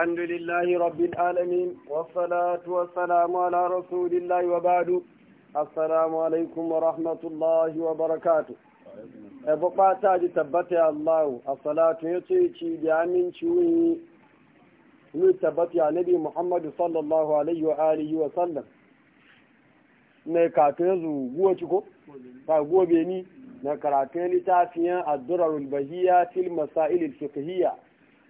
الحمد لله رب العالمين والصلاة والسلام على رسول الله وبعد السلام عليكم ورحمة الله وبركاته bukata ji tabbata Allah a salatu ya ce ci da aminci wuni yi tabbata ya nabi Muhammadu sallallahu alaihi wa alihi wa sallam ne ka na kato ya zuwa ciko ba be ni na karatu karatun littafiyan addurar bahiya fil masail fiqhiyya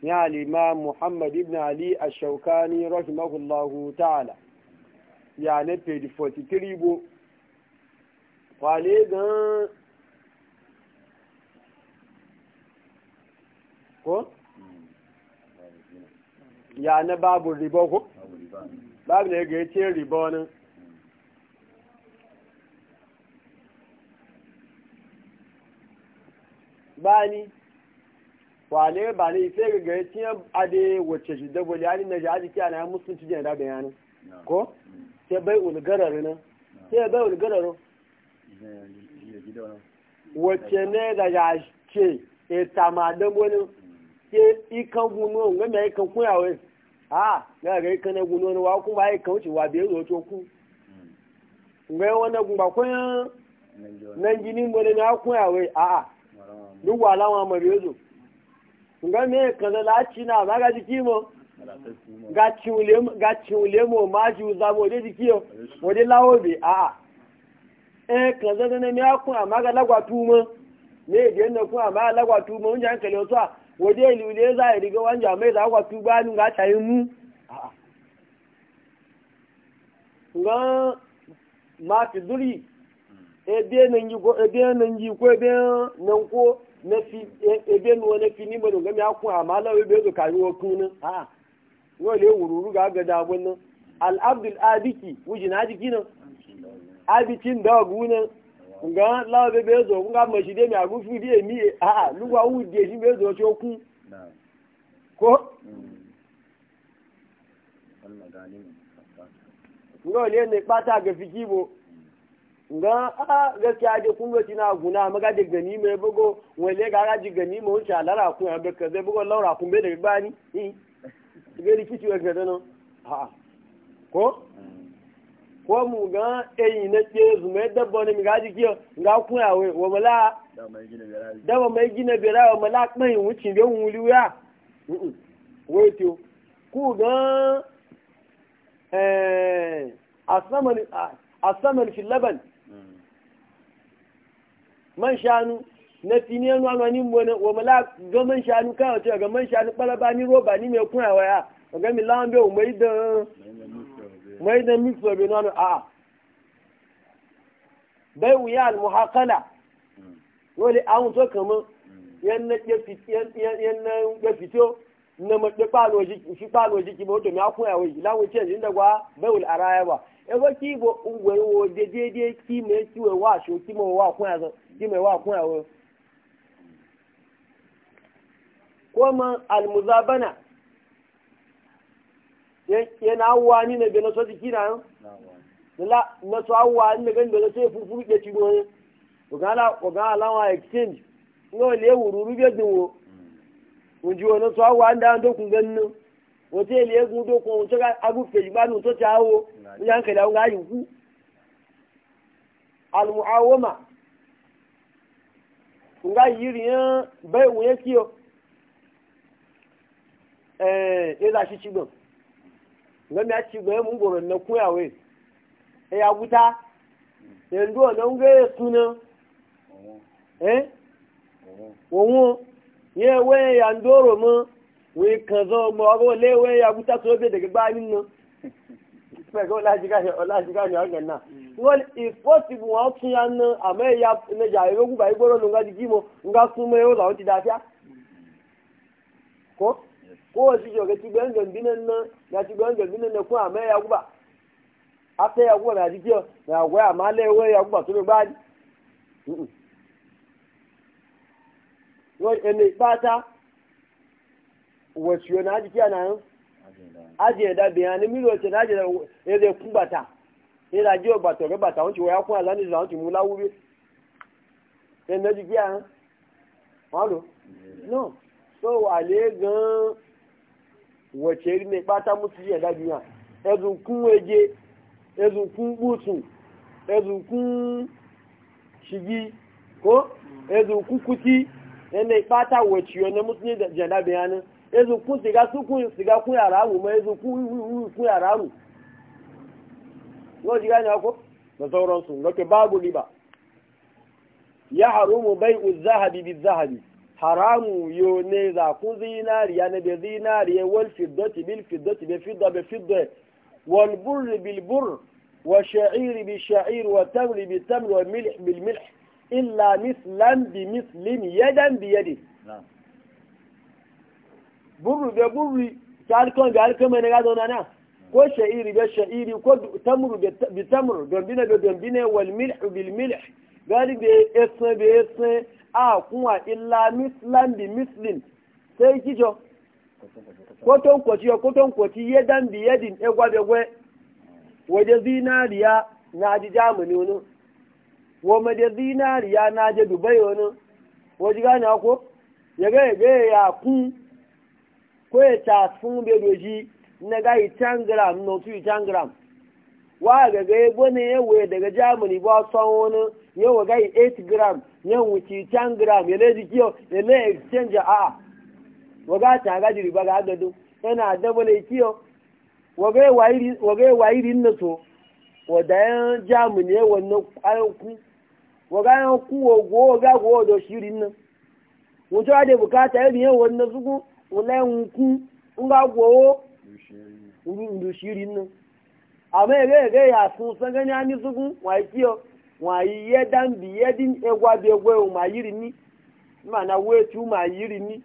Ni al'imam muhammad ibn ali a shaukani rahimahullahu ta'ala ya na page 43 bo kwale gan ko? ya na babu riba ko? babu ne ga yace riba ne? bani wale ba ne sai ga gari tiyan ade wacce shi dabo ya ni na jaji kiya na musulunci jin da bayanin ko sai bai ulgarar nan sai bai ulgarar wacce ne da ya ce e tama da wani ke ikan guno ga mai ikan kuyawe a ga ga ikan na gunu wa kuma ai kan wuce wa bai zo to ku ngai wannan gumba ko nan jinin bone na kuyawe a a duk wala ma mabezo nga me kaza laci na ba ga jiki mo ga ciwule ga ciwule mo ma ji uza mo de jiki o mo de lawo be a a e kaza da ne mi akun ama ga lagwa tu mo me de ne kun ama lagwa tu mo nja kele o twa wo de liwule za iri e ga wanja mai za gwa tu ba nu ga tayi mu a nga ma ti duri ebe nan yi ko ebe nan yi ko ebe nan ko na fi e, ebe nuwa na fi ni gami dogami akun amma lawa ebe zo kayi wa kuna ha yau le wururu ga ga dabon nan al'abdul adiki wuji na jiki nan abikin da gunan nga lawa ebe zo nga ma shi dai mi agun fi dai mi a a lugwa wu de shi be zo choku ko nga le ne pata ga fikibo nga a gaskiya je kun gaci na guna maga da gani mai bugo wale ga ga ji gani mai wuce alara kun abe ka zai bugo laura kun bai daga bani eh ga rikici wa e no ha ko ko mu ga eyi na ke mai da bone mi ga ji kiyo nga ku ya we wa mala da ba mai gina bera wa mala mai wuce be wuli ya wai e to ku ga eh asamani asamani fi laban man shanu na fini yanu anu ni mbona wa mala ga man shanu ka wato ga man shanu balaba ni roba ni me kuna waya ga mi lawan mai da mai da mi so be nanu a bai wuya al muhaqala wole awun kama yan na ke fito na ma palo ji shi palo ji ki bo to mi wai da gwa bai araya ba e go ki ungwe wo ki me ki wa sho ki wa kuna kí mẹ́wàá kún àwọn kọ́mọ almuzabana yana awuwa ni na bena sọ́ti kí náà nila na sọ ni na gani bena sọ́ti fufu ya ci wani ọ̀gán aláwọn exchange ní ọ̀lẹ́ wùrúrú bẹ́ẹ̀ dùn wo òjì ọ̀nà sọ awuwa ń dáhùn dókun gan nínú wọ́n ti èlé egun dókun ohun tó agúfèé tó ti àwọ̀ ní àwọn nga yiri yan bai wuye kiyo eh eza shi cigon nga mi aci gbe mun goro na kuyawe e ya wuta yanzu ona nga ya suna eh wonwo ye we ya ndoro mu we kan zo mo wuta to be daga ba ninu expect ó láti ká láti ká ní ọ̀gẹ̀ náà wọ́n ìfọ́sibù wọn tún ya ná àmọ́ ẹ̀yà ẹ̀nẹ́jà ìrógùn bàyí gbọ́dọ̀ ló ń gájú jímo ń gá súnmọ́ ẹ̀rọ làwọn ti dá fíá. kó kó o sì jọ̀gẹ̀ ti gbẹ̀ǹgẹ̀ bí nínú ní àti gbẹ̀ǹgẹ̀ bí nínú fún àmọ́ ẹ̀yà gbà afẹ́ ẹ̀yà gbà ní àti jíọ̀ ní àwọ̀ àmọ́ alẹ́ ẹ̀wọ̀ ẹ̀yà gbà tó ló gbá wọ́n ẹni pátá wọ̀ṣùwọ̀n náà ajiyeda bayanin milo ce na ajiyeda ya zai kun bata ya da jiwa bata ga bata wancin waya kuna zani da wancin mu wuri yan e na jigiya han wado no so ale gan wace iri ne bata musu jiya da biya ezun kun waje ezun kun butu ezun kun shigi ko ezun kun kuti yana bata wace yana musu ne da jada bayanin ezukun siga sukun siga kun ma ezukun wiwiwi yara aramu yau jiga ne ako da sauransu nake babu liba ya harumu bai uzahabi bi zahabi haramu yo ne za ku zinariya na da zinariya wal fiddati bil fiddati be fidda be fidda wal burr bil burr wa sha'ir bi sha'ir wa tamr bi tamr wa milh bil milh illa mithlan bi mithlin yadan bi yadi burru be burri ta alkan da alkan mai na zauna na ko sha'iri be sha'iri ko tamru be tamru dombina be dombina wal milh bil milh gari be esan be esan a kuma illa mislan bi mislin sai kijo koton kwati koton kwati yadan bi yadin egwa be gwe waje zinariya na ji jamani wani wama da zinariya na je dubai wani waje gane ko ya ga ya kun ko ya ta sun bai na ga itan gram no su wa ga ga ya daga germany ba son wani yau ga 8 gram ya le ya le exchange a wa ga ta ga jiri ba ga do yana e double kiyo wa ga iri wa ga na to wa da yan germany ya wannan ku wa ga yan ku ga go do shirin ule nkwu nga gwowo ndushiri nnu ama ere ere ya sun sangani ani zugu wa kiyo wa iye dambi ye din egwa bi egwe o ma yiri ni ma na we tu ma yiri ni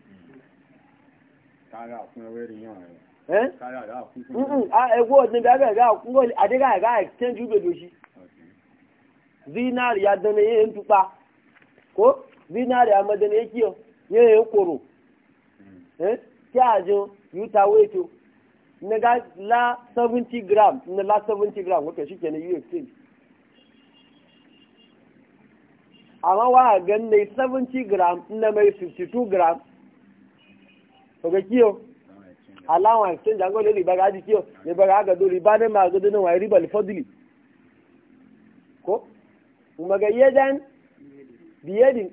kara fun we ri yan eh da fun egwo ga kun go ade ga ga ya tí àjọ yóò ta wéètò la seventy gram na la seventy gram wọ́n kẹ̀sí kẹ́ni yóò exchange àmọ́ wà gan ní seventy gram na mai fifty two gram ọ̀gá kí o aláwọn exchange àgọ́ lè rìbá gàdí kí o rìbá gàdó rìbá ní ma gàdó náà wà rìbá lè fọ́dìlì ko yedan biyedin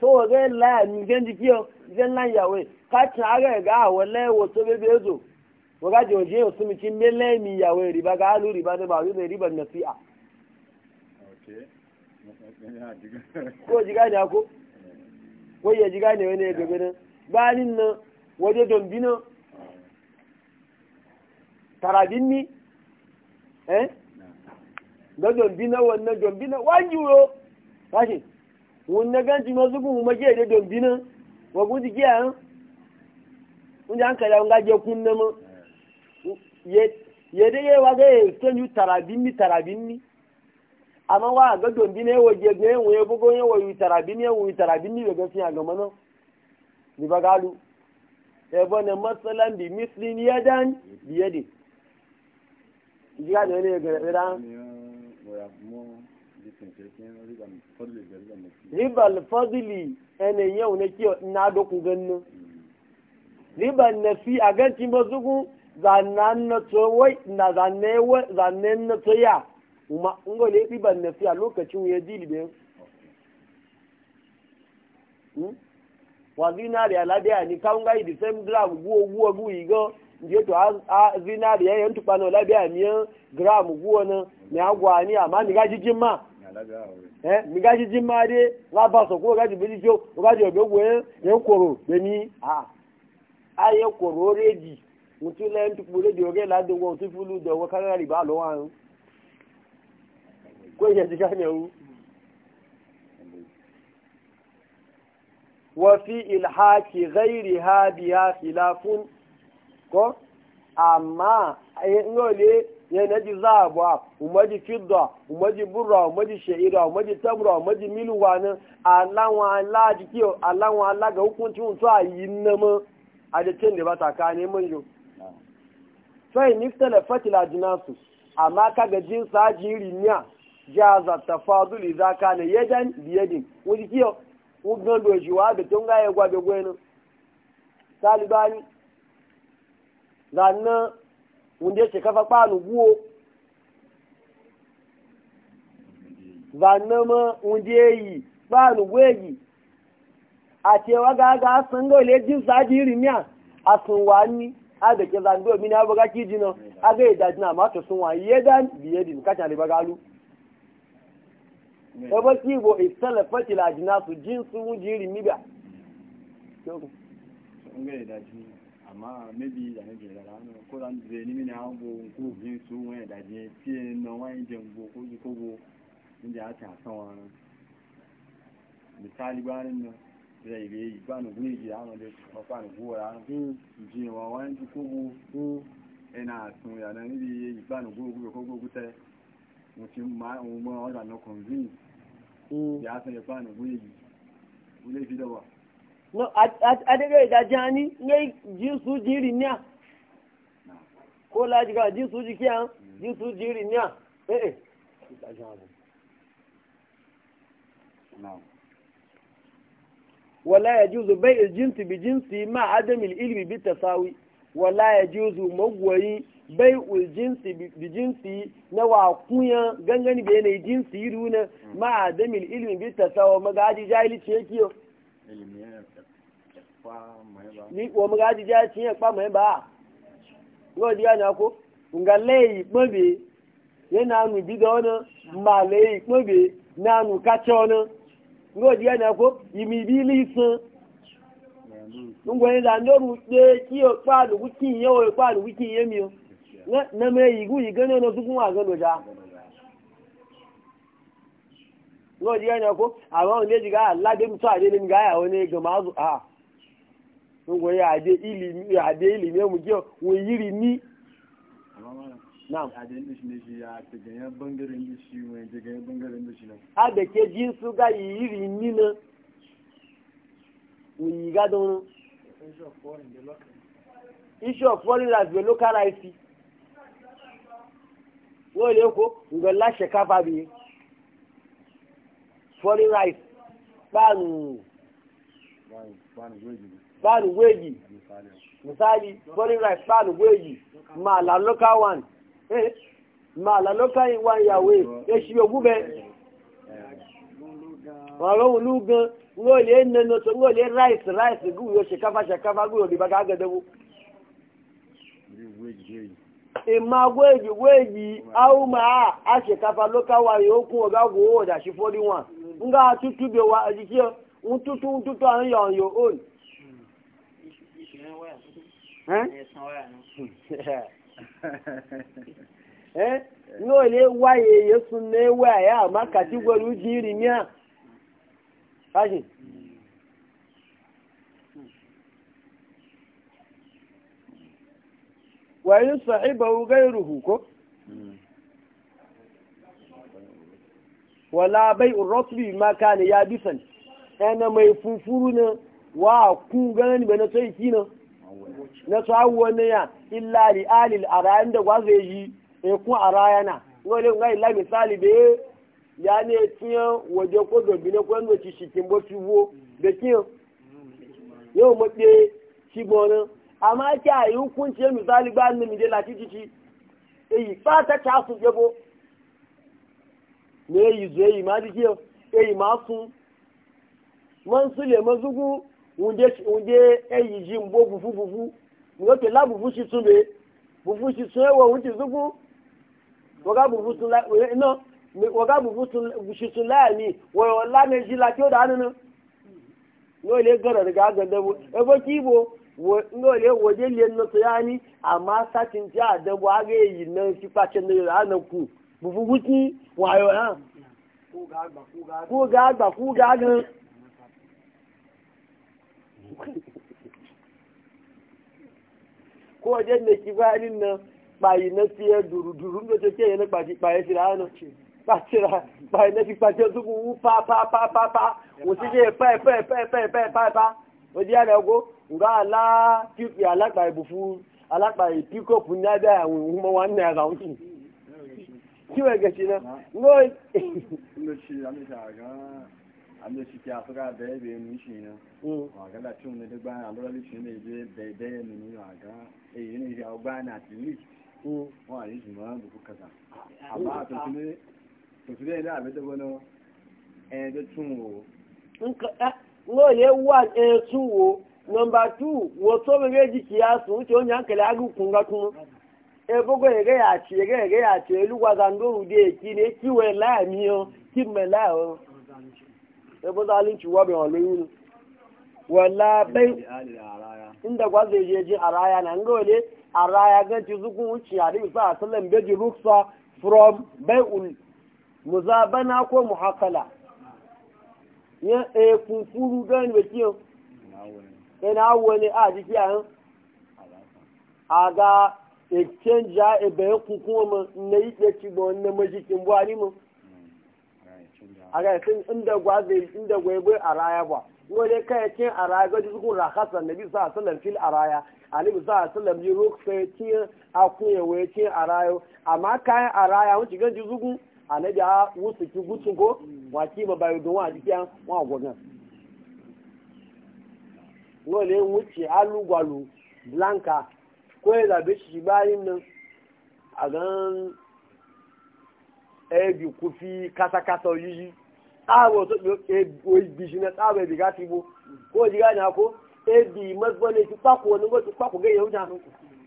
so ga la mi gen dikiyo gen la yawe ka ta ga ga wala wo to be be zo wo ga joje o sumi kin be le mi yawe riba ga alu riba da ba be riba nasi'a ko jiga da ko ko ya jiga ne wani ga gidan bayanin nan waje don bino tarabin ni eh ga wannan don bino wani yuro oh? kashi wọn na ganci masu gun ma ke da dombina wa kun ji kiyaye kun ji hankali an gaje kun na ma ya da yawa ga ya son yi tarabin ni tarabin ni amma wa ga dombina ya waje ga yawon ya bugo ya wayi tarabin ya wayi tarabin ni daga fiya ga mana ni ba galu ya bane matsalan bi mislin yadan biyadi ji ga ne ne ga ran ribal fadili ene yau ne kiyo na doku gannu ribal nafi a ganci mazugu zannan na wai na zanne zanne na tsoya kuma ngo le ribal nafi a lokacin ya dilibe hmm? wa zinari alabiya ni kawun gai the same gram guwo guwo guwi go je to a zinari yayin tupano alabiya miyan gram guwo na ni agwa ni ma ni ga jijima. ma ẹ mi gájú jí máa dé lábà sọ kó o gájú bíi jó ọ̀gbẹ́ wo yẹ ń kòrò gbẹ̀mí à á rédì mo tún rédì ọ̀gẹ́ ládùúgbò tó fi lù dọ̀wọ́ kárára rìbá lọ́wọ́ àrùn kó ti ká ha bí ha fìlà fún kọ́ àmà ẹ̀ ya na ji zabuwa umaji fidda umaji burra umaji sha'ira umaji tamra umaji miluwa nan alawan ala jiki alawan ala ga hukunci mutu a yi nama a da cin da ba ta kane man yau sai niftala fatila jinasu amma ga jin sajin rinya jaza tafaduli zaka ne yadan biyadin wani kiyo wugan doji wa da tun gaya gwabe gwenin talibani zannan wanda ya ce kafa kpanu guwo zanama wanda ya yi kpanu gwegi a cewa ga ga sun ga ile jin iri rimiya a sun wa a da ke zango mini abu ga kiji nan a ga idaji na mata sun wani yedan biye din kacha riba galu ebe si bo istala e fatila jina su jin sun wujiri miba Ngai da jini. amma maybe da ne ke da rana ko da zai ni mini an go ko bin su wani da je fiye na wani jan go ko ji ko go inda ya ta san wani misali gwanin nan zai ga yi gwanin gune ji rana da kwakwani go rana ji wa wani ji ko go ko ina sun ya na nibi ya yi gwanin go go ko go adẹ́gẹ́ ìdájá ní ní jíṣù jíìrì ní à kó láti jíṣù jí kí à jíṣù ní à ìdájá wala ya juzu bai iljinsi bi jinsi ma adamil ilmi bi tasawi wala ya juzu magwayi bai uljinsi bi jinsi na wa kunya gangani bai na jinsi yi runa ma adamil ilmi bi tasawa magaji jahilci yake yau ni wo mu ga jija ci e pa mai ba go dia na ko nga lei mobi ye na nu bi do na ma lei mobi na nu ka na go dia na ko imi bi li sun ngo da ndoru de ki o pa lu ku o pa lu ku mi o na me yi gu yi ga na su ku wa lo ja ngo na ko awon le ga la de mu so ade ni ga ya o ni ma ah ngo ya ade ilimi ya ade ilimi mu je wo yiri ni na'am ade ni shi shi ya daga yan bangaren ni shi mai daga yan bangaren ni shi na a da ke jin su ga yiri ni na wo yi ga don issue of foreign as the local rights wo le ko ngo la shekafa bi foreign rights banu banu banu páànù wéyì misali foreign rice páànù wéyì máa la local one eh, máa la local one yàwó èsì ògùn bẹ ọ̀rọ̀ òun ló gan ngó lè nínú tó ngó lè rice rice gùn yóò ṣèkáfà ṣèkáfà gùn yóò dìbà gágẹ́dẹ́wó ìmá wéèjì wéèjì áwùmá àṣekáfa lókà a yóò kafa ọ̀gá wò ó dàṣí fọ́dí wọn ngá tútù bẹ̀ nga ẹ̀jì tí ó ń tútù ń tútù àwọn yàn yóò eh no le waye yesu ne waye amma category ujiri a? kashi wa yin sahibahu gairuhu ko wala bai urotri maka kane ya bisani. yana mai fufuru na wa ku gani ba na sai kina na sawo ne ya illa li alil arayan da gwazo yi e ku arayana ngole ngai la misali be ya ne tiyo waje ko do bi ne ko ngo ci shikin bo tuwo da kiyo yo mo de ci bonan amma ki ayi hukunci misali ba ni mi de la titi e yi fa ta su jebo ne yi zai ma di kiyo e yi ma su man su le mazugu wunde eyi ji mbo fufu fufu la fufu fufu shi tube e wo wunti waga fufu tun la no waga fufu tun shi tun la ni wo la ne ji la kyo da nanu no le gara daga ganda bo e bo kibo wo no le wo je le no to yani amma satin ti adan bo aga yi na shi pa ne la na ku fufu wuti wa yo ha ku ku ga ku ko wajen da kibarin nan bayi na fiye duru-duru da take yana baye shi rana bacira bayi na fi face zuku pa-pa-pa, fa fa wasu je pa fa pa pa fa fa fa wajen yana go nga ala ala alagba ibufu alagba ipikop ní abẹ́ àwọn ohun wa ní ara òkú kí wọ́n gẹ̀ṣin náà ando shiki afika bebe mishina waga la tun ne degba ando la mishina ebe bebe mini waga e yini ya ogba na at least wa yi juma buku kaza amma to tune to tune da abe de bono e de tun wo nka no ye wa e tu wo number wo to me ge ji kiasu ti o nyan kele agu kunga tun ebogo ege ya chi ege ege ya chi elu kwa zando ude ki we la o ki me la o ebo zalunci wa bai wani yuni wala bai inda kwa zai je je a raya na ga wale a raya ganci zukun wuce a ribi sa asalin beji ruksa from bai'ul muzabana ko muhakala ya e kunkuru gani da kiyo ina wani e, na jiki a yin a ga exchange ya ebe ya kunkuru ma na yi ɗaci ba wani majikin buhari a ga sun inda gwaze inda gwaibe a raya ba wani kayakin a raya gaji sukun rakasar nabi sa sallam fil a raya alibi sa sallam ji ruk sai tiyan a kuye waye tiyan a rayo amma kayan a raya wani cikin ji sukun a nabi a wusu ki gutsun ko wa kima bayo don wa jikiyan wa gwagan wani wuce alugwalu blanca ko ya zabe shi bayan nan a gan ebi eh, kufi kasa-kasa yiyi tsawo to bishi na tsawo ya biga fi bo ko ji gani ko e bi mazbo ne ti kwako wani kwako ga yauja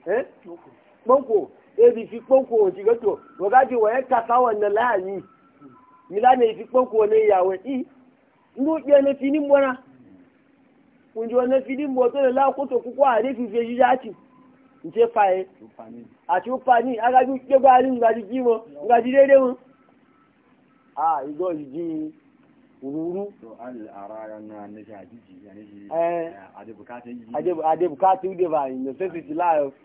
eh kponko e bi fi kponko ti ga waga ji waye kasa wannan lahani mila fi kponko ne yawe i ndu je ne fini mbona kunji wannan fini mbo la to ne fi jati ati upani mo wururu adebukatu da ba necessity life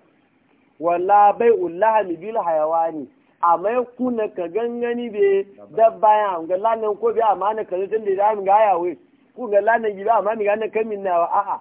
wala bai ullaha mi bil hayawani amma ya kuna ka gangani be dabba ya ga lanan ko bi amana ka zai tun da ya mi ga yawe ku ga lanan gida amma mi ga na kamin na a'a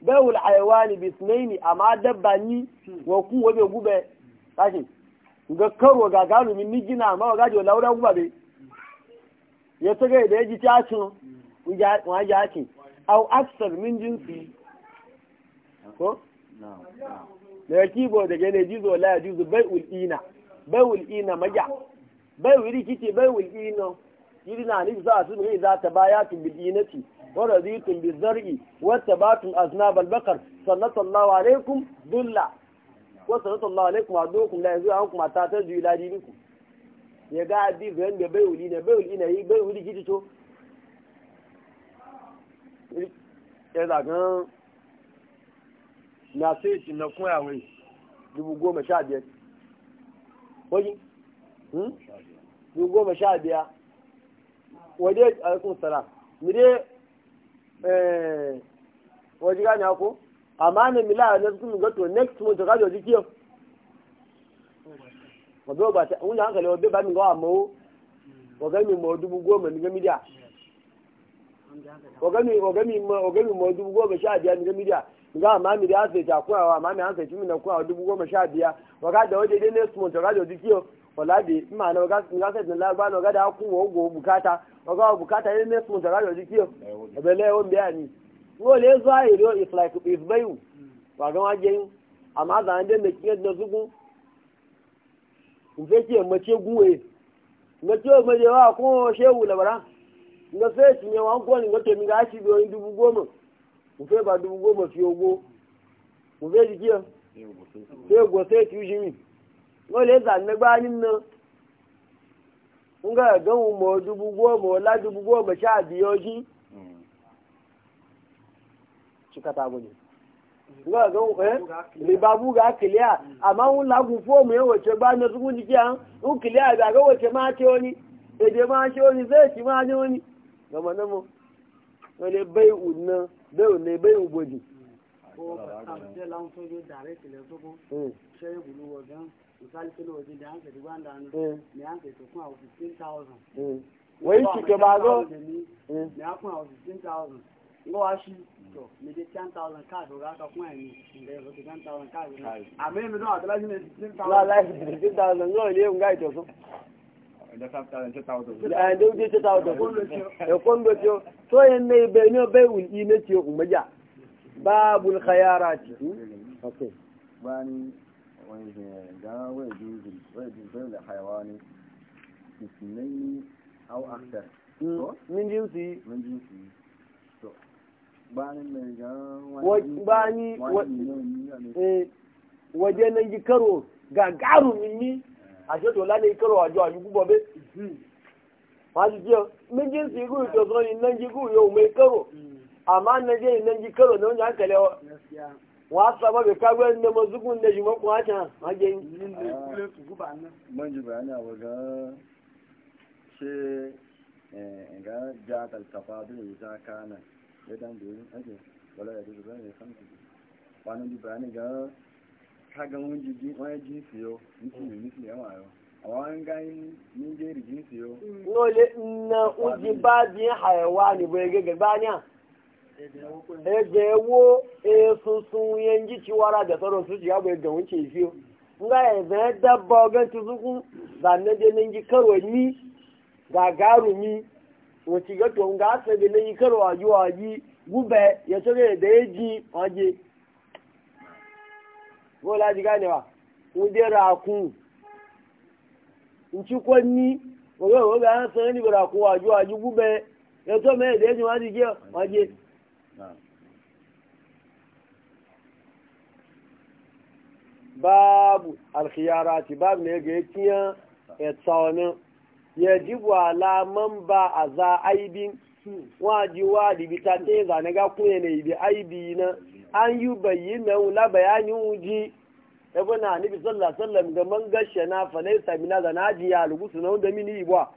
bayul haiwani bisnaini amma dabba ni wa ku wabe gube tashi ga karo ga galumin ni gina amma ga laura guba be ya tsaga da yaji ta cin wa ya ce au aksar min jinsi ko da ya kibo da gane jizo la ya juzu bai'ul ina bai'ul ina maja bai'ul rikici bai'ul na za su ورضيتم بالزرع واتبعتم أذناب البقر صلى الله عليكم ذلا وصلى الله عليكم وعدوكم لا يزوي عنكم حتى تزوي إلى دينكم ya ga adi bayan da bai wuli na bai wuli na yi bai wuli gidi to ya zagan na sai shi na koya wai dubu goma sha biyar wani dubu goma sha biyar wajen alaikun salam mu dai Eh, waje gane ko amma ne mila na sun ga to next month ga joji kiyo wabe ba ta wani hankali wabe ba min gawa mawo wagami mawa dubu goma ni gami da wagami wagami wagami mawa dubu goma sha biyar ni gami da ga ma mi da sai ta kuwa ma mi an sai mi na kuwa dubu goma sha next month wala bi ma na ga ga sai na ba na ga da ku wo go bukata wa ga bukata ne ne su da ga ji kiyo be le won biya ni wo le zo ai ro if like if bayu wa ga wa da kiyo zugu ki amma ce guwe na ce je wa shehu labara na sai ci ne wa ko ni mi ga dubu goma in fe ba dubu goma fi ogo in fe ji kiyo sai wọ́n lè zà nígbà nínú nga gan mo dubu goma wala dubu goma sha biyo shi cika ta gudu nga gan eh riba buga kiliya amma un lagu fo mu yawa ce ba na zugun jiki an un kiliya ga ga wace ma ce wani ede ma ce wani zai ci ma ne wani gama na mu wale bai unna bai unna bai ubodi ko ka ta lan so yo direct le wọ́n yìí tìkẹ́ bá gọ́. ngọ́ wá sí tọ̀ mi dé ten thousand káàdì ọ̀gá kan fún ẹ̀mí ìgbẹ́ ìfọ̀ ti ten thousand káàdì náà àmì mi náà àtàlájú mi ti ten thousand. láàlá ìfìdí ten thousand náà ilé ìwọ̀n gáà ìtọ̀sọ́. ẹ̀jẹ̀ five thousand two thousand. ẹ̀jẹ̀ ojú two thousand. ẹ̀kọ́ ń bẹ tí ó tó yẹn ní ibẹ̀ ní ọbẹ̀ ìwù ilé tí ó ń gbẹ́jà báàbù ní kayára ti. báyìí ويجوز الحيوان اثنين أو أكثر من bani eh, waje na yi karo gagaru nini eh. a ṣe tó lálẹ́ ìkọrọ̀ àjọ àyùgbọ́ bẹ́ máa ti jẹ́ méjì sí irú ìtọ̀sán ìnájí gúrù yóò mẹ́ kọrọ̀ àmá náà jẹ́ ìnájí wa saba eh, ga kago ne ma zugun da jima ko hata mage yin da kule su guba nan man ji bayani wa ga ce ga ja kal tafadul za kana da dan da yin aje wala ya duba ne san ku wani ji bayani ga ka ga mun wani ji siyo miki ne miki yawa yau àwọn gáyín ní jẹ́rìí jí sí o. na ojú bá dín àyẹ̀wò àníbọ̀ ẹgẹ́gẹ́ bá ní ẹgbẹ̀ wo esunsun yẹn jí ti wára àgbẹ̀sọ́rọ̀ oṣù tí yàgò ẹgbẹ̀ òun ṣe ìfi o nga ẹ̀bẹ̀ dábọ̀ ọgẹ́ tuntun bànẹ́jẹ́ ní yí kẹrọ ní mi òtí nga sẹ̀bẹ̀ ní yí kẹrọ ọ̀yí ọ̀yí gúbẹ̀ yẹtọ́rẹ̀ ẹ̀dẹ̀ èjì ọ̀jẹ̀ wọ́n ń ní sẹ́yìn níbẹ̀rẹ̀ babu alkhiyarati babu ne ga yakiya ya tsawani ya ji wala man ba a za aibin waji bi ta za zane ga kuma ne bi aibi na an yi bayyana wula bayanin wuji ya bana nabi sallallahu alaihi wasallam ga man gashe na fa ne samina da ji ya lugusu na wanda mini ibwa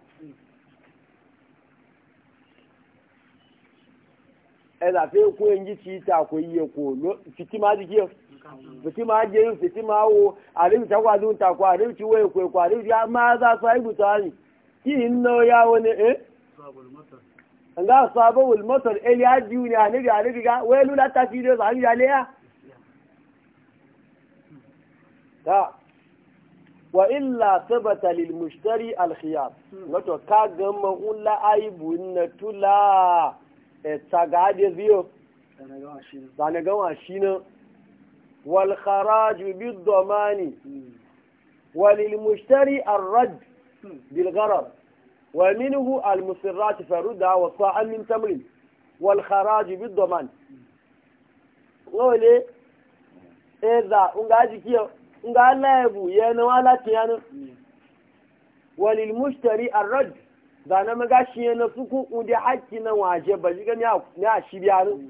ẹ̀dà fẹ́ kó ẹnjí tí ta kò yẹ kò ló fìtí máa di kíọ fìtí máa jẹ fìtí máa wo àríwì tí wàá dún àríwì tí wọ́n èkó èkó àríwì tí a máa sọ ibùsọ̀ àyìn kí n ya wọn ni ẹ́ nga sọ ájú ni àníbi wa illa sabata lil mushtari al khiyar wato ka ga ma'ula aibun natula. tula Eh, tsagaje biyo zanagawa shi na walharaju bidomani walilmushtari arrad bilgarar ومنه المسرات فردها والصاع من تمر والخراج بالضمان wole eza unga jikiyo unga laibu yana wala tiyana hmm. zane maga shi na suku kudi hakki na waje ba shi ni a shi biya ne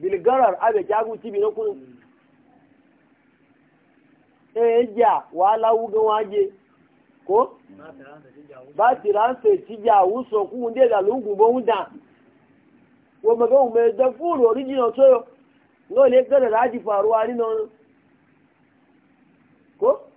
bilgarar abe kya bi na kun eh e ya wala wuga waje ko ba ti ran se ti ja wuso ku nde da lungu bo unda wo maga da furu original to yo no le gara raji faruwa ni no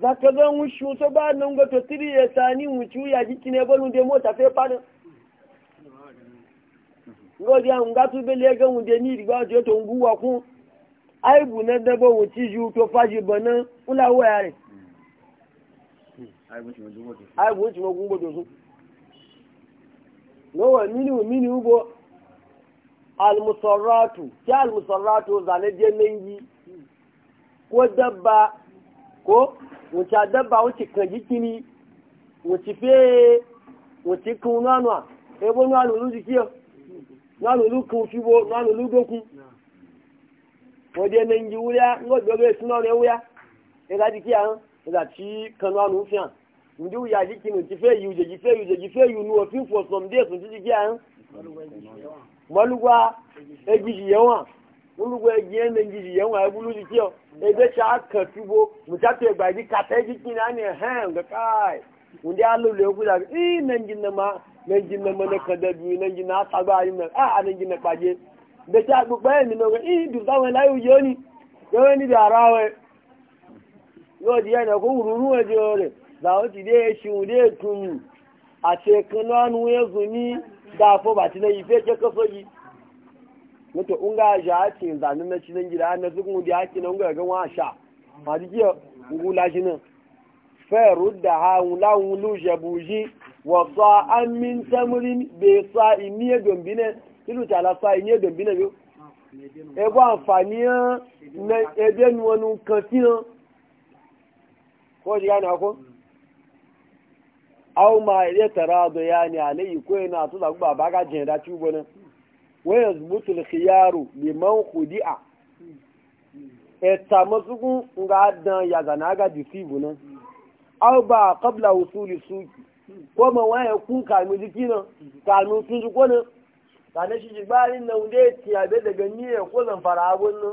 za ka zo wuce wuce ba nan ga to tiri ya sani wuce ya jiki ne banu da mota fe fada ngodi an ga tu bele ga wunde ni riba je to nguwa ku ai bu na da bo wuce ju to faji bana ula waya re ai bu ci mo gungo to su no wa mini wa mini ubo al musarratu ya al musarratu zane nengi ko dabba ko wuce dabba wuce kan jikini wuce fe wuce kan nanwa ebo nanulu jikiyo nanulu kan fibo nanulu dokun wọ́dí ẹni ń ji wúlíá ńgọ́dọ̀ bẹ́ẹ̀ súná rẹ̀ wúlíá ẹ̀ka ti kí àwọn ẹ̀ka tí kanu àánú fi hàn ǹdí wúyà yìí kinu ti fẹ́ yìí òjèjì fẹ́ yìí òjèjì for some days ǹdí ti kí àwọn mọ́lúwa ejì olùgbò ẹgbẹ yẹn nàìjíríà yẹn wọn ẹgbẹ olùdí tíọ ẹgbẹ tí a kàn túbọ mùtàtù ẹgbà yìí kàtẹ́jì kí ni a ní hẹ́n kàkáì ǹdí alóòlù ẹkú dàbí ii nàìjíríà mà nàìjíríà mà ní kàn dẹbi nàìjíríà àtàgbà ayé mẹ a nàìjíríà pàjẹ bẹtẹ agbègbè ẹ̀mí náà wẹ ii dùn sáwọn yoni? òjò ni yọwọ níbi ara di ẹnì kó wùrù rúwẹ̀ di ọrẹ làwọn ti dé eṣin dé ètùnú àti ẹ̀kan náà nu ẹ̀sùn ní dáàfọ́ bàtí náà yìí fẹ́ jẹ́ kọ́sọ́ yi. mutu unga ja ake zanen na cinan gida na zugun wudi ake na unga ga wa sha ma dike ngula shi nan fa rudda ha wula wulu jabuji wa sa an min tamrin be sa imiye dombine ilu ta la sa imiye dombine yo e bo anfani na e be nu onu kan ti na ko ji na ko aw ma ile tarado yani alayhi ko ina to da gba ba ga jin da tubo na waya zubutul khiyaru liman khudi'a eta masukun ga dan ya zana ga disibu nan aw ba qabla wusuli suki ko ma waya ku kanu jiki nan kanu sun ji Ka kana shi jigbarin nan wanda ti abe daga niyya ko zan fara abun nan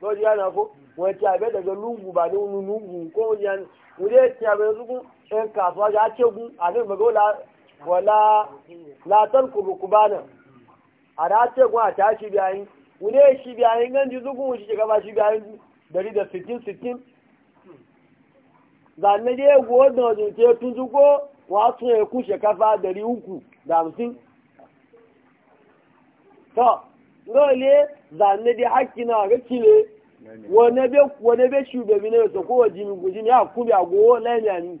ko ji ana ko wani ti abe daga lungu ba ne lungu ko ji ana wanda ti abe sukun en kasuwa ya a ne magaula wala latar ku rukubana a da ce kuma a tashi biyayin wule shi biyayin ganji zugun wuce shiga ba shi biyayin dari da sittin sittin zanne je gowa da wajen ce tun zugo wasu ya kushe kafa dari uku da hamsin to dole zanne je haƙƙi na ga kile wane be shugabi na yasa kowa jimi gujini ya kuma gowa laimiyani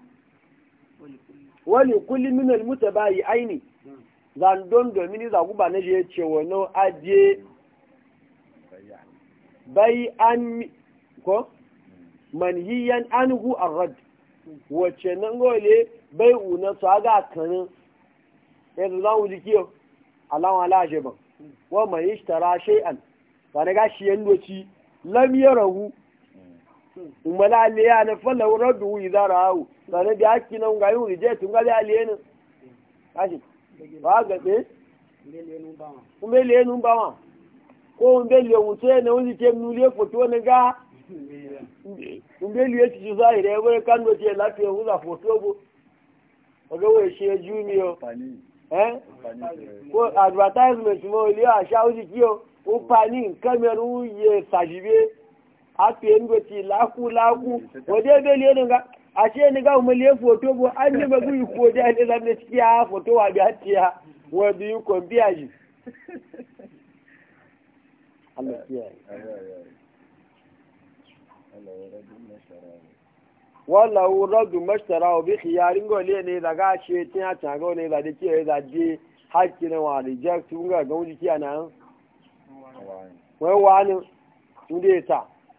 wani kulli mutu ba yi aini zan domini domin za ku ba na je ce wani ajiye bai an ko manhiyan a rad wacce nan gole bai una su aga kan yanzu za mu ji kiyo alawan alashe ban wa mai ishtara shay'an ba na gashi yan doci lamiyar hu. mala aliya na falla radu idza ra'u sanan da haki nan ga yuri je tun ga aliya ne kashi ba ga be mbe le nu wa ko mbe le mu ce ne wani ke mu le foto ne ga mbe le ci ci zai re wai kan do je lafiya hu za foto bo odo we she junior eh ko advertisement mo ile asha o ji ki o o pani nkan meru ye afiye ngoci laku laku waje beli yanu ga a ce ni ga foto bo an yi bagu yi ko da ne ha foto wa ga tiya wa bi ko ji Allah ya wala uradu mashtara bi khiyarin go a ne ta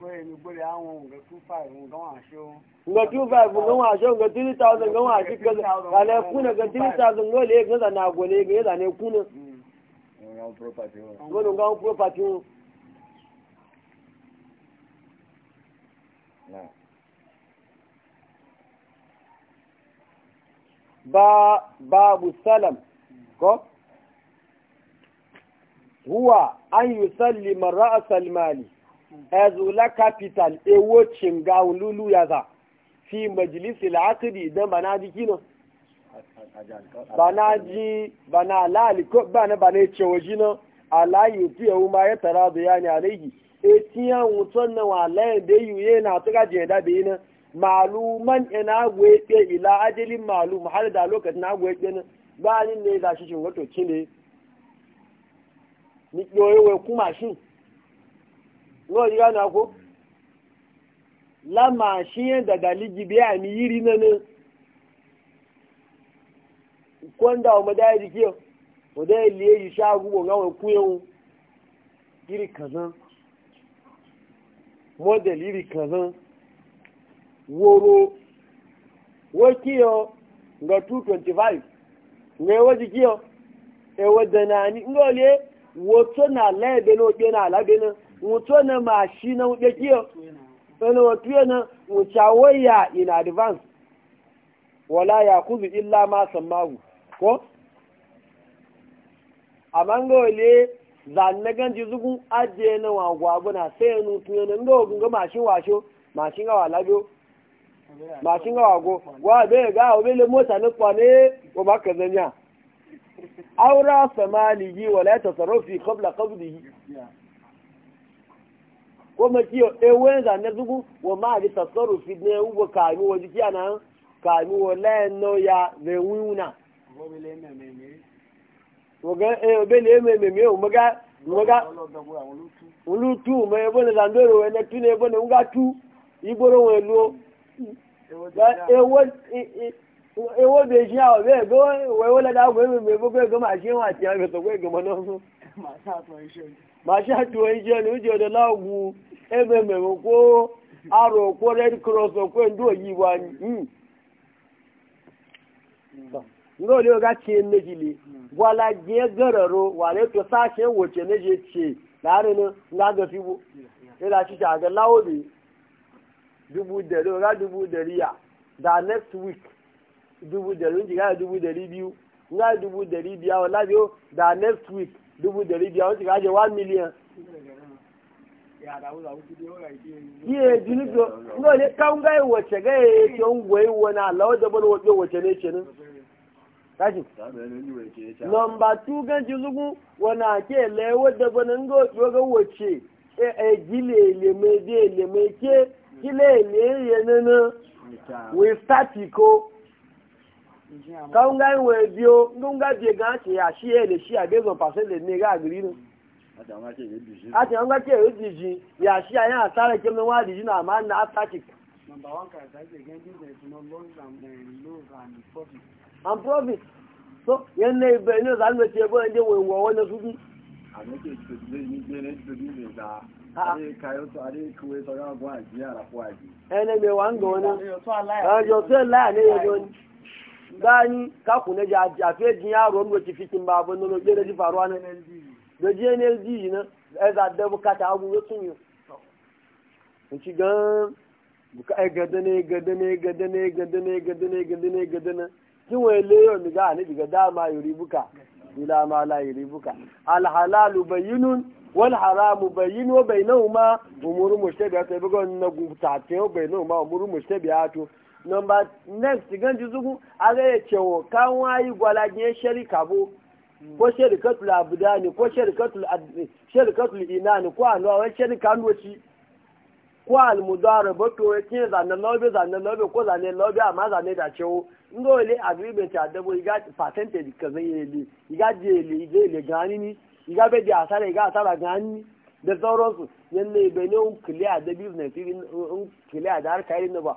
nga two five nga wa sho nga three thousand nga wa shi kaza kana kuna nga three thousand mm. nga le ga na go le ga da ne kuna nga property ngo nga property ba babu salam ko huwa an yusallima ra'sal mali ezula capital ewo cinga lulu ya za fi majalisi la'akari idan ba na ji kino ba na ji ba na laliko ba na ba na ce waji na alayi fi ya ma ya tara da ya ne alaihi e tiyan wuton na wa alayin da yiwu na tuka je da na maluman ina gwe ila ajalin malum har da lokacin na gwe ɗe na ba ni ne za shi cin wato ni kuma shi wọ́n yíra náà kó lámà ṣíyẹn dàdàlí jìbí àmì yírí nánà kọ́ńdà ọmọdé àdìkí ọ ilé yìí ṣáàgùn wọn káwọn kú yẹn wọn iri kàzán mọ́dẹ̀lì yírí kàzán wọ́n kí ọ nga two twenty five nga ẹwọ́ ọ ẹwọ́ dẹ̀nà ní wọ́n tó lẹ́ẹ̀dẹ́ náà ó gbé náà alágbé wuto na mashi na wuɗe kiyo wani wato yana in advance wala ya kuzu illa ma sammahu ko A ga wale zanne ganji zugun ajiye na wagwaguna sai ya nutu yana na wagun ga mashi washo mashin gawa walabiyo mashin gawa wago wa bai ga wa bai mota na kwane wa ba zanya aura samalihi wala ya tasarrufi qabla qabdihi ko makiyo ewe za na zugu wa ma ji tasaru fi ne ugo kanu wa jiki ana kanu no ya ve e me we tu ne tu we lo ji be go we wo da bo go ma ji wa ti to go e go mo no ma sa to mashi hatuwa ije ni uje da lagu ebe meme ko aro ko red cross ko ndo yi wa ni hmm. ngo le ga ti ne jili wala je gararo wala to sa she wote ne je ce lare ne nga ga fibo e la shi ta ga lawo bi dubu da lo ga dubu da riya da next week dubu da lo ga dubu da ribiu nga dubu da ribiya wala biyo da next week dubu dari biyar ka ti je one million. Iye jini to, na ne kan gai wace gai ke ngwai wani alawa da bani na wace ne Nomba tu gan ci zugu wani ake lewa da bani ngo ga E e le me de le me ko. ka nga bio ndị nga ga achị ya shi ya ele shi ya ne ga agiri ati nga ke eji ji ya shi ya ya sare ke nwa ji na ma na atati number 1 characteristic again this is no loss and loss ha. gani ka ku na ja jin yaro wanda ke fikin babu no da ji faruwa na da GNLD na ai za da bukata abu ya tun yo ci gan buka ai e gada ne gada ne gada ne gada ne gada ne gada ne gada ne kin wai leyo ni ga ni diga dama yuri buka ila ma la yuri buka al halalu bayyinun wal haramu bayyin wa bainahuma umuru mushtabiatu e buga na gutatayo bainahuma umuru mushtabiatu number next ganji zugu aga ya cewo kan wayi gwalagiyar sharika bo ko sharikatul abuda ne ko sharikatul ina ne ko anuwa wani sharika noci ko almudara ba to ya ce zane lobe zane lobe ko zane lobe amma zane da cewo in ga agreement a dabo iga percentage ka zai yi iga di ile iga ile gani ni iga be di asara iga asara gani ni da sauransu yanne ibe ne un clear da business in clear da harka irin na ba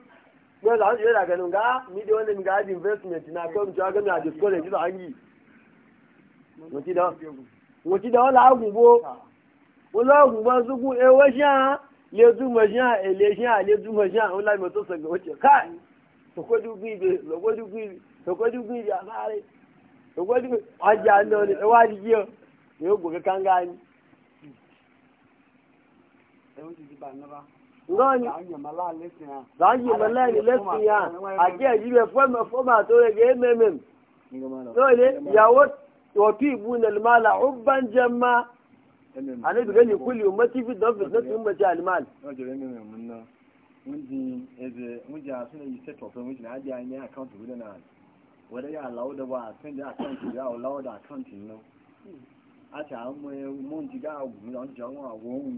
yau da hanzu yana ganin ga ni da wani ga ajin investment na kan a discourage da hangi da yóò ti di bá. ngọ́ni láàyè mọ́láàlì lẹ́sìn yá àjẹ́ ìyíbẹ̀ fọ́mọ̀ fọ́mọ̀ àtọ́rẹ̀ gẹ́ mẹ́mẹ́m lóòlé ìyàwó wọ̀tí o ban ó bá ń jẹ máa àníbìgẹ́ ní kúlì ma ti fi dán fìdán tí ń bẹ̀ tí àlùmọ́lì. wọ́n yà láwọ́ dẹ̀ wá àtúndì àkáǹtì yà ọ̀ láwọ́ dẹ̀ àkáǹtì náà àti àwọn ọmọ ẹ̀ mọ́ǹtì gá àwòrán jẹ́ àwọn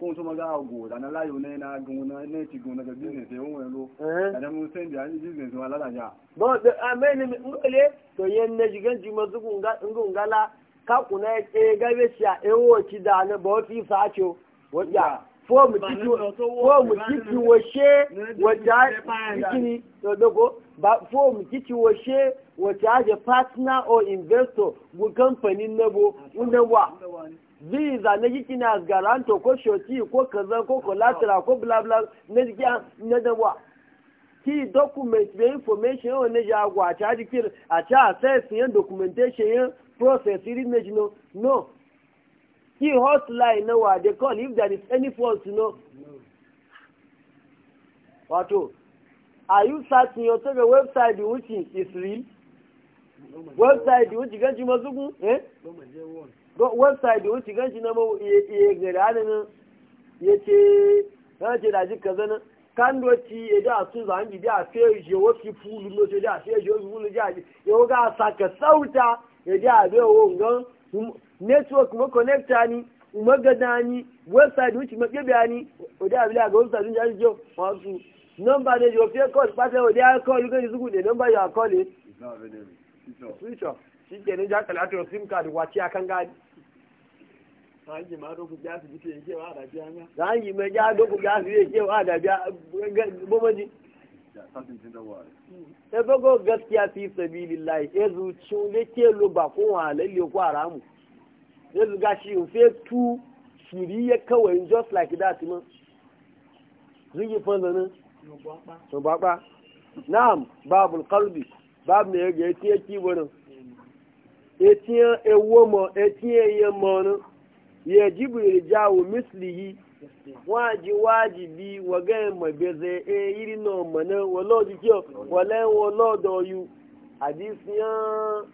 kó tó mọ́gá ọgùn ìdáná láyò náà ní ti gùn náà business ẹ̀ òun ẹ̀rọ ẹ̀dá mú sẹ́ndì àní business wọn alálàjá. bọ́ọ̀dù àmẹ́ni mọ́lẹ̀ tó yẹ kákùn náà gẹ́gẹ́ sí à ti dà ní wọ́n títí wọ́n ṣe wọ́n títí wọ́n partner or investor visa na jiki na garanto ko shoti ko kazan ko collateral ko bla bla na jiki na dawa ki document be information on ne ja gwa ta jiki a ta access yin documentation yin process iri ne jino no ki hotline na wa they call if there is any fault no wato are you searching your to the website which is real website which gaji mazugu eh website da wuce ganci na mau iya gari hannun ya ce na ce da jika zanen kan doci ya da su za hangi da fe je wasu fulu no ce da fe je wasu fulu ja ya ga saka sauta ya da be wongan network mo connecta ni magada ni website wuce ma kebe ni o da bila ga website ja jo wasu number da jo fe call pata o da call ga zugu da number ya call eh. ne switch off shi ke ne ja kalata sim card wace akan gadi Zangi ma doku ya su gite yake wa da biya nya. Zangi ma ya doku ya su yake wa da biya e, bomaji. Ya bago gaskiya fi sabilillahi ya e zuci ne ke lo ba ko wa lalle ko haramu. Ya e zuga shi in fe tu shiri ya kawai just like that ma. Zugi fanda nan. To baba. Na'am babul qalbi babu ne ya ga yake kibonin. Etiyan ewo mo etiyan yemo nan. yajibu irjawu mislihi waji wajibi wage mabeze e iri na mana wala dikio wala wala yu hadisiyan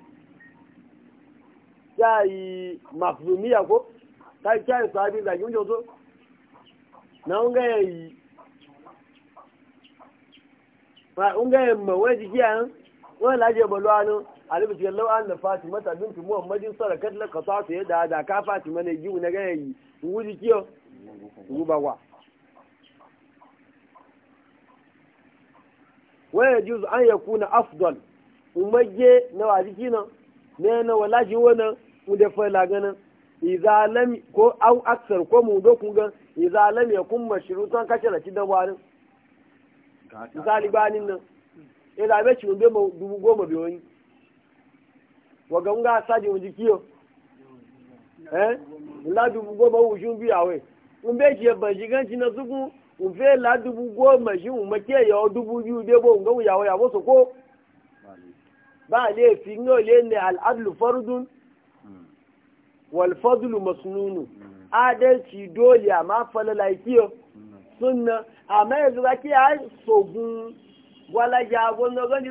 sai mafzumiya ko sai sai sabi da gunjo so na unga yi fa unga mawe dikian wala je bolwano alibi ce an da fatima ta binti muhammadin sarakat la kasa su yadda da ka fatima ne yiwu na gaya yi wuji kiyo guba wa waya juzu an ya kuna afdol umarge na waziki na nan ne na wala wani da fayla ganin izalam ko au aksar ko mu do kunga izalam ya kun mashrutan kace da cidan warin misali banin nan ila be ci be mu dubu goma be wọ̀gá ń gá sáàjì òun ti kí o ládùúgbò gbọ́ bọ́ wùsùn bí àwẹ̀ ń bẹ́ẹ̀ ṣe bàjì kan ti na sunkún ń fẹ́ ládùúgbò gbọ́ màṣí ń mọ kí ẹ̀yọ́ yú dé ń gbọ́ ìyàwó ìyàwó sòkó báà lè fi ń lè ní àdùlù fọ́rúdún wọ̀lfọ́dùlù mọ̀sùnúnù adalci dole àmà falala kí o sunna àmà kí a sògùn wàlájà àwọn ọgọ́ndì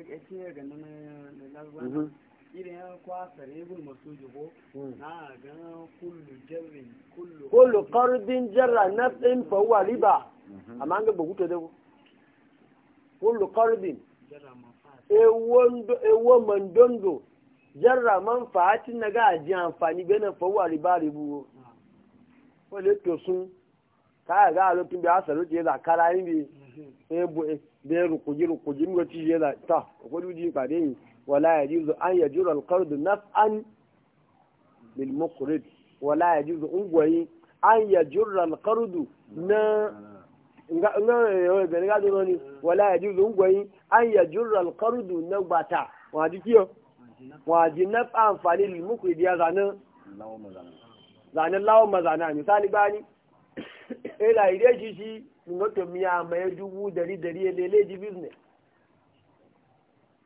ake ganin na larba irin ya kwasa masu jiho na ganin kullu jarrin kullu kullu jarra riba amma an ga bugu ta dago kullu karbin mandondo jarra man fa'atin na ga amfani benin fawwa riba ribu wale to sun ka ga a lokacin bi ya zakara yin bi eh. da rukuji rukuji mu ta wala an yajura al-qard wala ungwayi an na nga nga ga do ni wala ungwayi an na bata wa wa anfani lil muqrid ya zanan zanan lawo mazana misali bani ila ide shi shi ngoto miya mai dubu dari dari lele ji business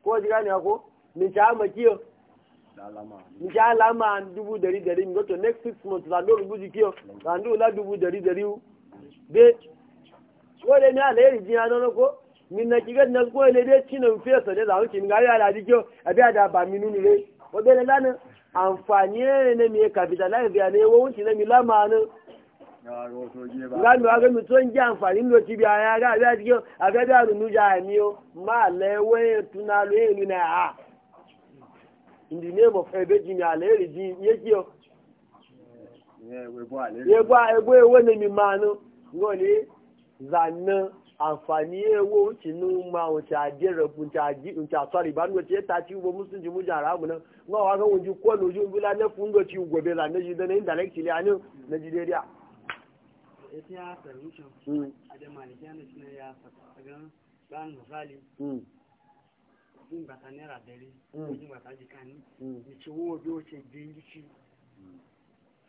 ko ji gane ko min ta ma kiyo min ta alama dubu dari dari ngoto next six months la do rubuji kiyo la ndu la dubu dari dari u be ko le ni ale ji ano ko min na kiga na ko le de chinan fesa de la kin ga ya la ji kiyo bi ada ba minu ni le ko be le lana amfani ne me capitalize ya ne wo wuci ne mi lama ne nga mi wa ke mi tó ń jẹ àǹfààní ló ti bi àwọn ará àbí àti àfẹ́bí àrùnújà ẹ̀mí o máa lẹ wé tuna ló èrú náà ha in the name of ẹ̀bẹ́jì ni àlẹ́ èrè jí yé kí o. yẹ́gbọ́ ẹgbẹ́ ewé ni mi máa nu ngọ́ ni zanna àǹfààní ewo ti nu ma òun ti àjẹrẹ òun ti àtọ́rì ìbánu ti ta ti wo muslim ti mú jà ara mu náà ngọ́ wa kẹ́ wọ́n ju kọ́ lójú ńlá ní fún ń lọ ita ya sami shi hmm. a da malikiya na cikin ya a gan ran misali yin hmm. bata naira dare yin hmm. bata jikani da ci wo bi o ce biyan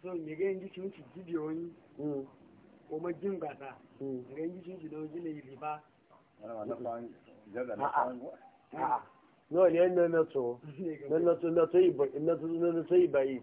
so me ga yin gici wuce jibi wani o ma jin bata ga yin gici da wajen da yi riba no ne na to yi na to na to yi ba yi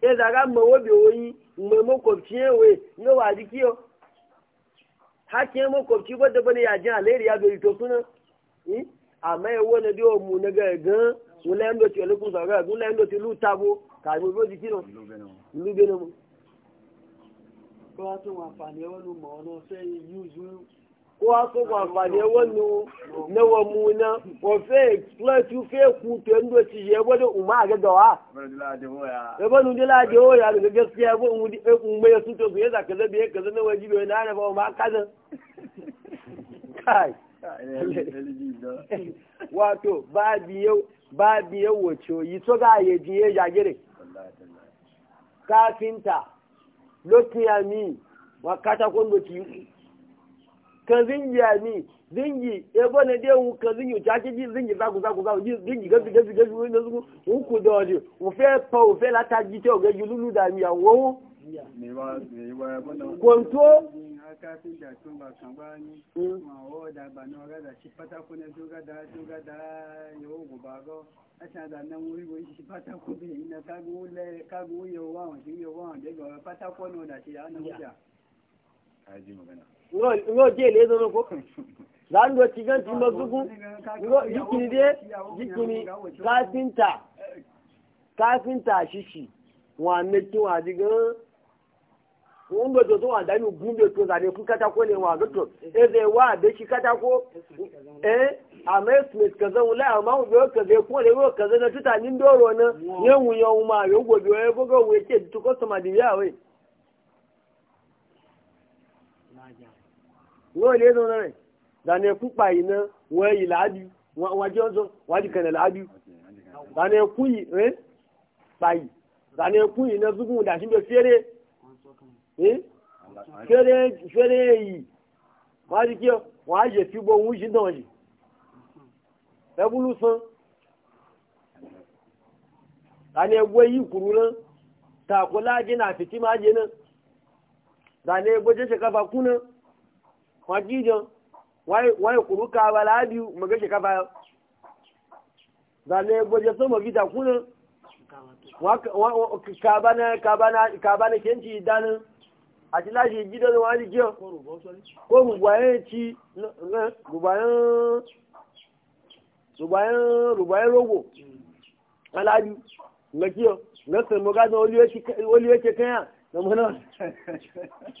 sai zaga mawo bai woyi mai makwabci yawe na wadi kiyo hakin makwabci wadda bane ya jin alayyar ya bai to suna amma ya wani biyo mu na gargan wula yando ti olukun saga wula yando ti lu tabo ka mi bo dikino lu bena mu ko atun wa fa ni wonu mo no se use ko haka ba amfani wannu na wa muna ko fe plus you fe ku to ndo ci je bodo umma ga gawa e ba nu dila je oya da gaskiya ba mu mu mai su to ya zaka da biye kaza na wajibi na na ba ma kaza kai wato ba biyo ba biyo wacho yi to ga ye ya jagire kafinta lokiyami wakata kondo ci kan zingi ya mi zingi e bane de wu kan zingi ta ki ji zingi za ku za ku za ku zingi ga ga ga ga na zu wu ku do di wu fe pa wu fe la ta ji te o ga ju lulu da mi ya wo kwanto asan mm. da ngo je le zo ko zan do ci ti mo zugu ngo jikini de jikini kafinta kafinta shishi wa me ti wa di gan wọ́n gbé tó tó wà dání ògùn bí wa ìsàlẹ̀ fún wa lè e shi lótò ẹ̀fẹ̀ wà àbẹ́sí kátákó ma àmọ́ ẹ̀sìmẹ̀sì kẹsẹ̀ wọn láyà máa ń gbé kẹsẹ̀ fún gbogbo wọ́n lè zo náà dàní ẹkú pààyè náà wọ́n yìí làájú wọ́n jẹ́ ọ̀zọ́ wọ́n di kẹ̀lẹ̀ làájú dàní ẹkú yìí rẹ̀ pààyè dàní ẹkú yìí náà zúgùn dàsí bẹ fẹ́rẹ́ fẹ́rẹ́ fẹ́rẹ́ yìí wọ́n di kí wọ́n á yẹ fíbọ̀ òun yìí náà yìí ẹbúlú san dàní ẹgbẹ́ yìí kùrú náà tààkó láàjẹ́ náà àfìtí máa jẹ náà dàní kú náà. wọ́n wai kuruka ìkùrú ká wa láàbíu mọ̀gẹ́ṣẹ̀ káfà yọ. zane gwaje so mafi da kunan na kenci idanin a ti láti gidan wani jiya ko rubayen ci rubayen rogo alabi na kiyo na sirmogadon oliyo ke kanya na mana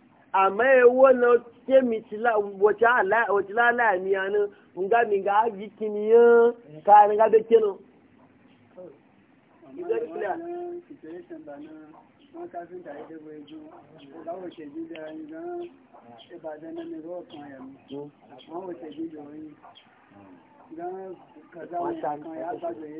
amma ya wani ce mitila wace lalaya ni ya nan nga mi ga aji kiniya ka ni ga beke no wọ́n ká sí ìtàrí tó gbé ijú ọ̀gáwò ṣèjú bí ẹni gan ìbàdàn ẹni rọ́ọ̀kan ẹ̀mí àwọn òṣèjú lórí gan kàzá kan yà gbàgbé yé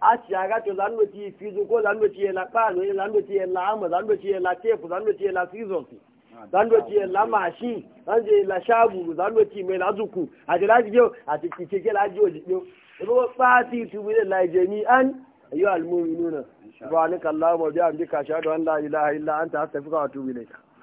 a ci a gato zanuwa ci fizu ko zanuwa ci ah, la kano zanuwa ci la ama zanuwa ci la tefu zanuwa ci la sizonsi zanuwa ci la mashi zanuwa ci la shabu zanuwa ci mai lazuku a ti laji yau a ti kice ke laji yau jiyo ko fati tu bi la jami an ayu al mu'minuna subhanaka bihamdika ashhadu an la ilaha illa anta astaghfiruka wa atubu ilayk